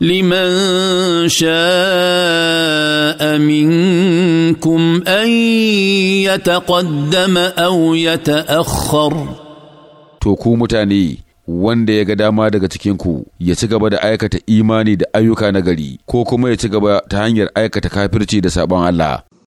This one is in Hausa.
لمن شاء منكم ان يتقدم او يتاخر to ku mutane wanda ya ga dama daga cikinku ya ci gaba da aikata imani da ayyuka na gari ko kuma ya ci gaba ta hanyar aikata kafirci da sabon Allah